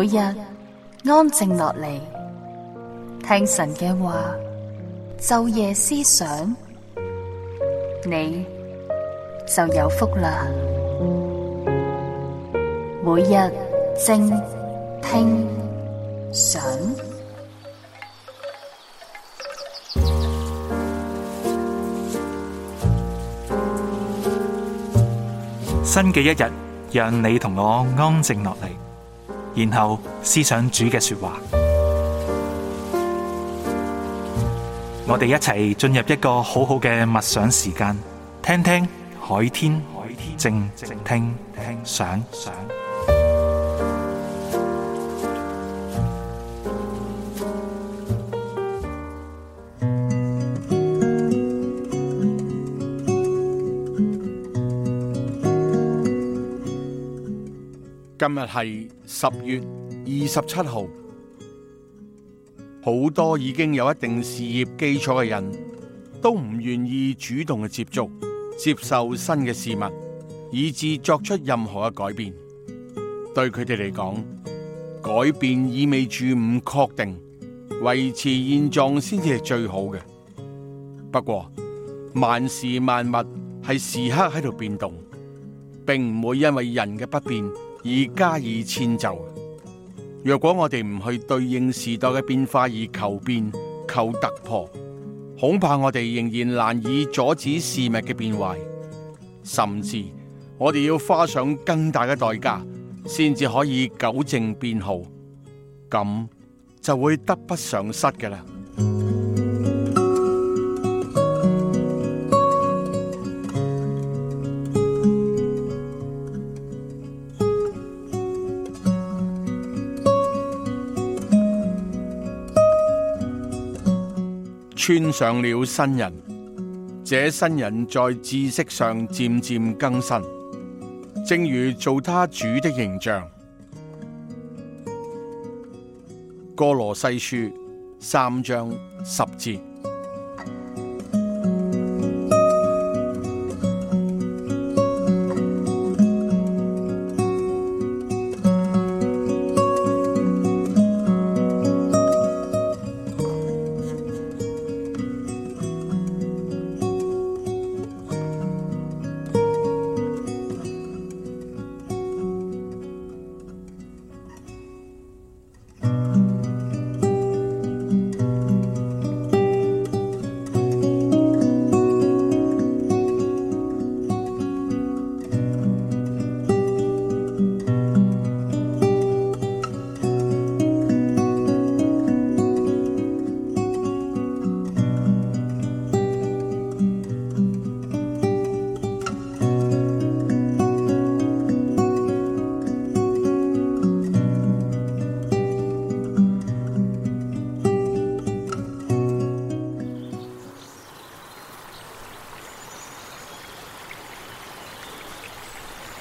每日安靜落嚟，聽神嘅話，晝夜思想，你就有福啦。每日靜聽想，新嘅一日，讓你同我安靜落嚟。然後思想主嘅說話，我哋一齊進入一個好好嘅默想時間，聽聽海天，靜靜聽想。今日係十月二十七號，好多已經有一定事業基礎嘅人都唔願意主動嘅接觸、接受新嘅事物，以至作出任何嘅改變。對佢哋嚟講，改變意味住唔確定，維持現狀先至係最好嘅。不過，萬事萬物係時刻喺度變動，並唔會因為人嘅不變。而加以遷就。若果我哋唔去對應時代嘅變化而求變、求突破，恐怕我哋仍然難以阻止事物嘅變壞，甚至我哋要花上更大嘅代價，先至可以糾正變好，咁就會得不償失嘅啦。穿上了新人，這新人在知識上漸漸更新，正如做他主的形象。哥羅西書三章十節。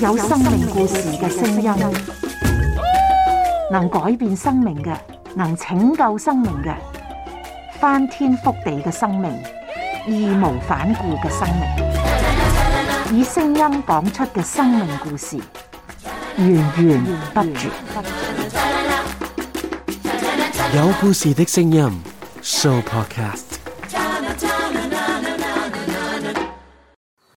有生命故事嘅聲音，能改變生命嘅，能拯救生命嘅，翻天覆地嘅生命，義無反顧嘅生命，以聲音講出嘅生命故事，源源不絕。有故事的聲音，Sooo Podcast。